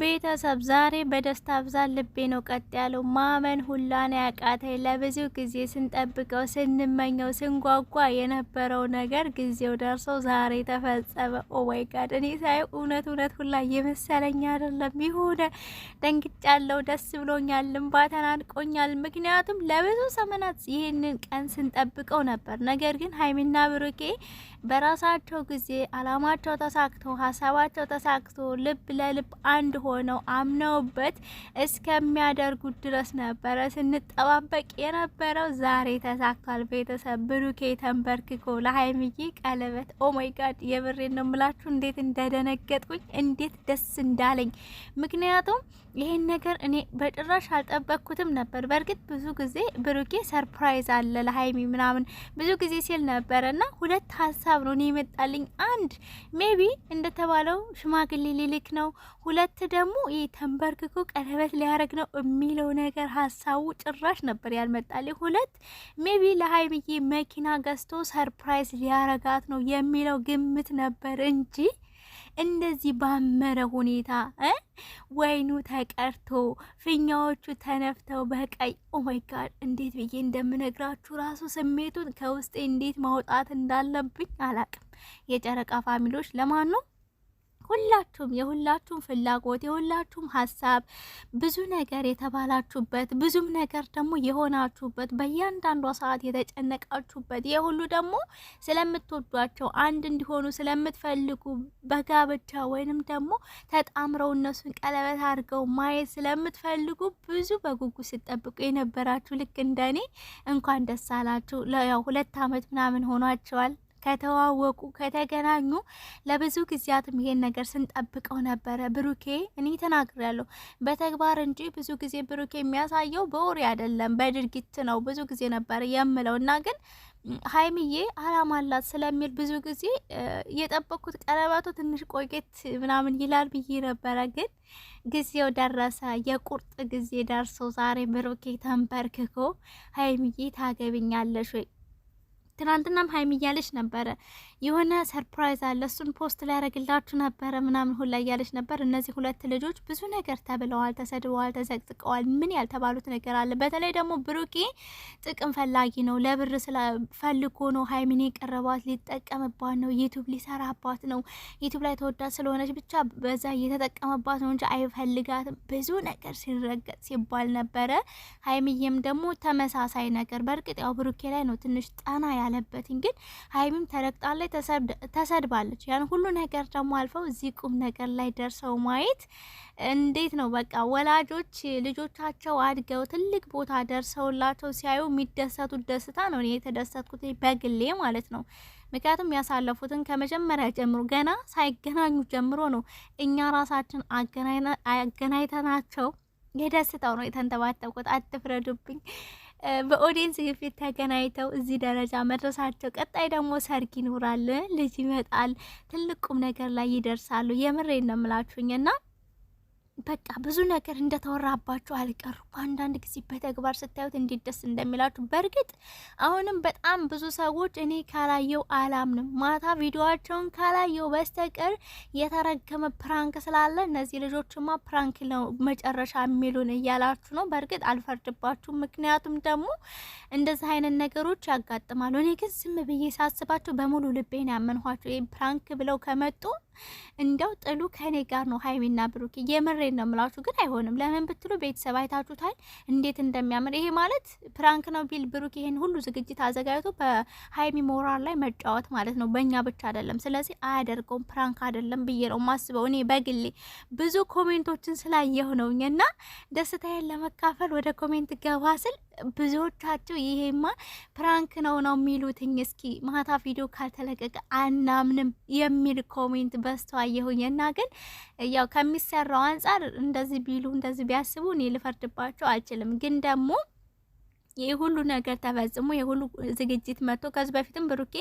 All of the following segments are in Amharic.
ቤተሰብ ዛሬ በደስታ ብዛት ልቤ ነው ቀጥ ያለው። ማመን ሁላን ያቃተኝ ለብዙ ጊዜ ስንጠብቀው ስንመኘው ስንጓጓ የነበረው ነገር ጊዜው ደርሶ ዛሬ ተፈጸመ። ኦማይ ጋድ እኔ ሳይ እውነት እውነት ሁላ የመሰለኝ አይደለም። ይሁን ደንግጫለሁ፣ ደስ ብሎኛል፣ እንባ ተናንቆኛል። ምክንያቱም ለብዙ ሰመናት ይህንን ቀን ስንጠብቀው ነበር። ነገር ግን ሀይሚና ብሩኬ በራሳቸው ጊዜ አላማቸው ተሳክቶ ሀሳባቸው ተሳክቶ ልብ ለልብ አንድ ሆነው አምነውበት እስከሚያደርጉት ድረስ ነበረ ስንጠባበቅ የነበረው። ዛሬ ተሳካል። ቤተሰብ ብሩኬ ተንበርክኮ ለሀይሚዬ ቀለበት ኦማይጋድ ጋድ የብሬን ነው ምላችሁ እንዴት እንደደነገጥኩኝ እንዴት ደስ እንዳለኝ ምክንያቱም ይሄን ነገር እኔ በጭራሽ አልጠበቅኩትም ነበር። በእርግጥ ብዙ ጊዜ ብሩኬ ሰርፕራይዝ አለ ለሀይሚ ምናምን ብዙ ጊዜ ሲል ነበረ እና ሁለት ሀሳብ ነው እኔ የመጣልኝ። አንድ ሜቢ እንደተባለው ሽማግሌ ሊልክ ነው፣ ሁለት ደግሞ ይህ ተንበርክኮ ቀለበት ሊያደርግ ነው የሚለው ነገር ሀሳቡ ጭራሽ ነበር ያልመጣልኝ። ሁለት ሜቢ ለሀይሚዬ መኪና ገዝቶ ሰርፕራይዝ ሊያረጋት ነው የሚለው ግምት ነበር እንጂ እንደዚህ ባመረ ሁኔታ ወይኑ ተቀርቶ ፊኛዎቹ ተነፍተው በቀይ ኦማይ ጋድ እንዴት ብዬ እንደምነግራችሁ ራሱ ስሜቱን ከውስጤ እንዴት ማውጣት እንዳለብኝ አላቅም። የጨረቃ ፋሚሎች ለማን ነው ሁላችሁም የሁላችሁም ፍላጎት የሁላችሁም ሀሳብ ብዙ ነገር የተባላችሁበት ብዙም ነገር ደግሞ የሆናችሁበት በእያንዳንዷ ሰዓት የተጨነቃችሁበት ይህ ሁሉ ደግሞ ስለምትወዷቸው አንድ እንዲሆኑ ስለምትፈልጉ በጋብቻ ወይንም ደግሞ ተጣምረው እነሱን ቀለበት አድርገው ማየት ስለምትፈልጉ ብዙ በጉጉ ሲጠብቁ የነበራችሁ ልክ እንደኔ እንኳን ደስ አላችሁ። ያው ሁለት አመት ምናምን ሆኗቸዋል። ከተዋወቁ ከተገናኙ ለብዙ ጊዜያትም ይሄን ነገር ስንጠብቀው ነበረ። ብሩኬ እኔ ተናግሬያለሁ በተግባር እንጂ ብዙ ጊዜ ብሩኬ የሚያሳየው በወሬ አይደለም፣ በድርጊት ነው ብዙ ጊዜ ነበረ የምለው እና ግን አላማ አላማላት ስለሚል ብዙ ጊዜ የጠበቅኩት ቀለበቱ ትንሽ ቆየት ምናምን ይላል ብዬ ነበረ። ግን ጊዜው ደረሰ፣ የቁርጥ ጊዜ ደርሶ ዛሬ ብሩኬ ተንበርክኮ ሀይምዬ ታገብኛለሽ ወይ ትናንትናም ሀይሚ እያለች ነበረ፣ የሆነ ሰርፕራይዝ አለ እሱን ፖስት ላይ ያደረግላችሁ ነበረ ምናምን ሁላ እያለች ነበር። እነዚህ ሁለት ልጆች ብዙ ነገር ተብለዋል፣ ተሰድበዋል፣ ተዘቅዝቀዋል። ምን ያልተባሉት ነገር አለ? በተለይ ደግሞ ብሩኬ ጥቅም ፈላጊ ነው። ለብር ፈልጎ ነው ሀይሚን የቀረባት፣ ሊጠቀምባት ነው፣ ዩቱብ ሊሰራባት ነው። ዩቱብ ላይ ተወዳ ስለሆነች ብቻ በዛ እየተጠቀመባት ነው እንጂ አይፈልጋትም። ብዙ ነገር ሲረገጥ ሲባል ነበረ። ሀይሚዬም ደግሞ ተመሳሳይ ነገር በእርግጥ ያው ብሩኬ ላይ ነው ትንሽ ጠና ያለበትን ግን ሀይሚም ተረግጣለች፣ ተሰድባለች። ያን ሁሉ ነገር ደግሞ አልፈው እዚህ ቁም ነገር ላይ ደርሰው ማየት እንዴት ነው? በቃ ወላጆች ልጆቻቸው አድገው ትልቅ ቦታ ደርሰውላቸው ሲያዩ የሚደሰቱት ደስታ ነው። እኔ የተደሰትኩት በግሌ ማለት ነው። ምክንያቱም ያሳለፉትን ከመጀመሪያ ጀምሮ ገና ሳይገናኙ ጀምሮ ነው እኛ ራሳችን አገናኝተናቸው የደስታው ነው የተንተባተቁት። አትፍረዱብኝ። በኦዲየንስ ግፊት ተገናኝተው እዚህ ደረጃ መድረሳቸው፣ ቀጣይ ደግሞ ሰርግ ይኖራል፣ ልጅ ይመጣል፣ ትልቅ ቁም ነገር ላይ ይደርሳሉ። የምሬ ነው ምላችሁኝ ና በቃ ብዙ ነገር እንደተወራባችሁ አልቀርኩ። አንዳንድ ጊዜ በተግባር ስታዩት እንዴት ደስ እንደሚላችሁ። በእርግጥ አሁንም በጣም ብዙ ሰዎች እኔ ካላየው አላምንም፣ ማታ ቪዲዮቸውን ካላየው በስተቀር የተረገመ ፕራንክ ስላለ እነዚህ ልጆችማ ፕራንክ ነው መጨረሻ የሚሉን እያላችሁ ነው። በእርግጥ አልፈርድባችሁ፣ ምክንያቱም ደግሞ እንደዚህ አይነት ነገሮች ያጋጥማሉ። እኔ ግን ዝም ብዬ ሳስባቸው በሙሉ ልቤን ያመንኋቸው ይህ ፕራንክ ብለው ከመጡ እንደው ጥሉ ከኔ ጋር ነው ሀይሚና ብሩኬ። የምሬን ነው የምላችሁ፣ ግን አይሆንም። ለምን ብትሉ ቤተሰብ አይታችሁታል እንዴት እንደሚያምር። ይሄ ማለት ፕራንክ ነው ቢል ብሩኬ ይሄን ሁሉ ዝግጅት አዘጋጅቶ በሀይሚ ሞራል ላይ መጫወት ማለት ነው። በእኛ ብቻ አይደለም። ስለዚህ አያደርገውም፣ ፕራንክ አይደለም ብዬ ነው ማስበው። እኔ በግሌ ብዙ ኮሜንቶችን ስላየሁ ነውኝ እና ደስታዬን ለመካፈል ወደ ኮሜንት ገባ ስል ብዙዎቻቸው ይሄማ ፕራንክ ነው ነው የሚሉትኝ እስኪ ማታ ቪዲዮ ካልተለቀቀ አናምንም የሚል ኮሜንት በስቶ አየሁኝ እና ግን ያው ከሚሰራው አንጻር እንደዚህ ቢሉ እንደዚህ ቢያስቡ እኔ ልፈርድባቸው አልችልም ግን ደግሞ የሁሉ ነገር ተፈጽሞ የሁሉ ዝግጅት መጥቶ ከዚህ በፊትም ብሩኬ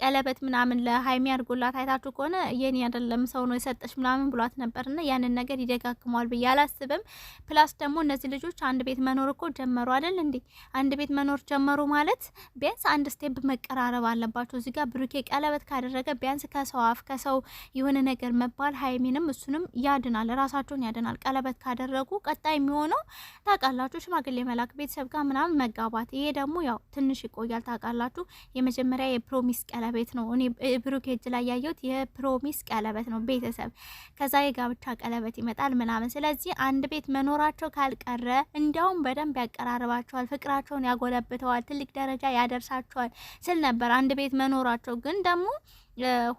ቀለበት ምናምን ለሀይሚ አድርጎላት አይታችሁ ከሆነ የኔ አይደለም ሰው ነው የሰጠች ምናምን ብሏት ነበርና ያንን ነገር ይደጋግመዋል ብዬ አላስብም። ፕላስ ደግሞ እነዚህ ልጆች አንድ ቤት መኖር እኮ ጀመሩ አይደል እንዴ? አንድ ቤት መኖር ጀመሩ ማለት ቢያንስ አንድ ስቴፕ መቀራረብ አለባቸው። እዚህ ጋር ብሩኬ ቀለበት ካደረገ ቢያንስ ከሰው አፍ ከሰው የሆነ ነገር መባል ሀይሚንም እሱንም ያድናል፣ ራሳቸውን ያድናል። ቀለበት ካደረጉ ቀጣይ የሚሆነው ታውቃላችሁ፣ ሽማግሌ መላክ ቤተሰብ ጋር ምናምን መጋ መጋባት። ይሄ ደግሞ ያው ትንሽ ይቆያል ታውቃላችሁ። የመጀመሪያ የፕሮሚስ ቀለበት ነው። እኔ ብሩክ እጅ ላይ ያየሁት የፕሮሚስ ቀለበት ነው ቤተሰብ። ከዛ የጋብቻ ቀለበት ይመጣል ምናምን። ስለዚህ አንድ ቤት መኖራቸው ካልቀረ እንዲያውም በደንብ ያቀራርባቸዋል፣ ፍቅራቸውን ያጎለብተዋል፣ ትልቅ ደረጃ ያደርሳቸዋል ስል ነበር አንድ ቤት መኖራቸው ግን ደግሞ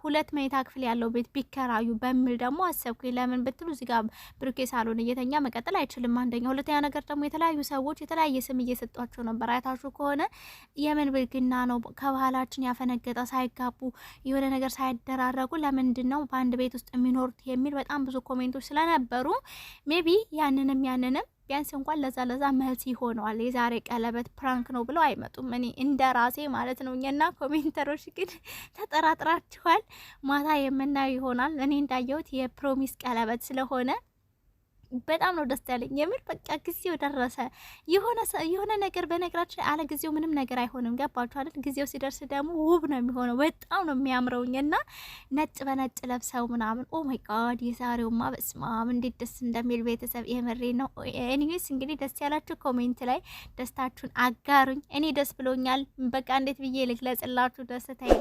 ሁለት መኝታ ክፍል ያለው ቤት ቢከራዩ በሚል ደግሞ አሰብኩኝ። ለምን ብትሉ እዚህ ጋር ብሩኬ ሳሎን እየተኛ መቀጠል አይችልም። አንደኛ፣ ሁለተኛ ነገር ደግሞ የተለያዩ ሰዎች የተለያየ ስም እየሰጧቸው ነበር። አይታችሁ ከሆነ የምን ብልግና ነው? ከባህላችን ያፈነገጠ ሳይጋቡ የሆነ ነገር ሳይደራረጉ ለምንድን ነው በአንድ ቤት ውስጥ የሚኖሩት የሚል በጣም ብዙ ኮሜንቶች ስለነበሩ ሜቢ ያንንም ያንንም ቢያንስ እንኳን ለዛ ለዛ መልስ ይሆነዋል። የዛሬ ቀለበት ፕራንክ ነው ብለው አይመጡም። እኔ እንደ ራሴ ማለት ነው። እኛና ኮሜንተሮች ግን ተጠራጥራችኋል። ማታ የምናየው ይሆናል። እኔ እንዳየሁት የፕሮሚስ ቀለበት ስለሆነ በጣም ነው ደስ ያለኝ። የምር በቃ ጊዜው ደረሰ። የሆነ ነገር በነገራችን አለ ጊዜው ምንም ነገር አይሆንም። ገባችሁ አይደል? ጊዜው ሲደርስ ደግሞ ውብ ነው የሚሆነው። በጣም ነው የሚያምረውኝ እና ነጭ በነጭ ለብሰው ምናምን ኦ ማይ ጋድ የዛሬውማ በስማም እንዴት ደስ እንደሚል ቤተሰብ የምሬ ነው። ኤኒዌይስ እንግዲህ ደስ ያላችሁ ኮሜንት ላይ ደስታችሁን አጋሩኝ። እኔ ደስ ብሎኛል። በቃ እንዴት ብዬ ልግለጽላችሁ ደስታዬ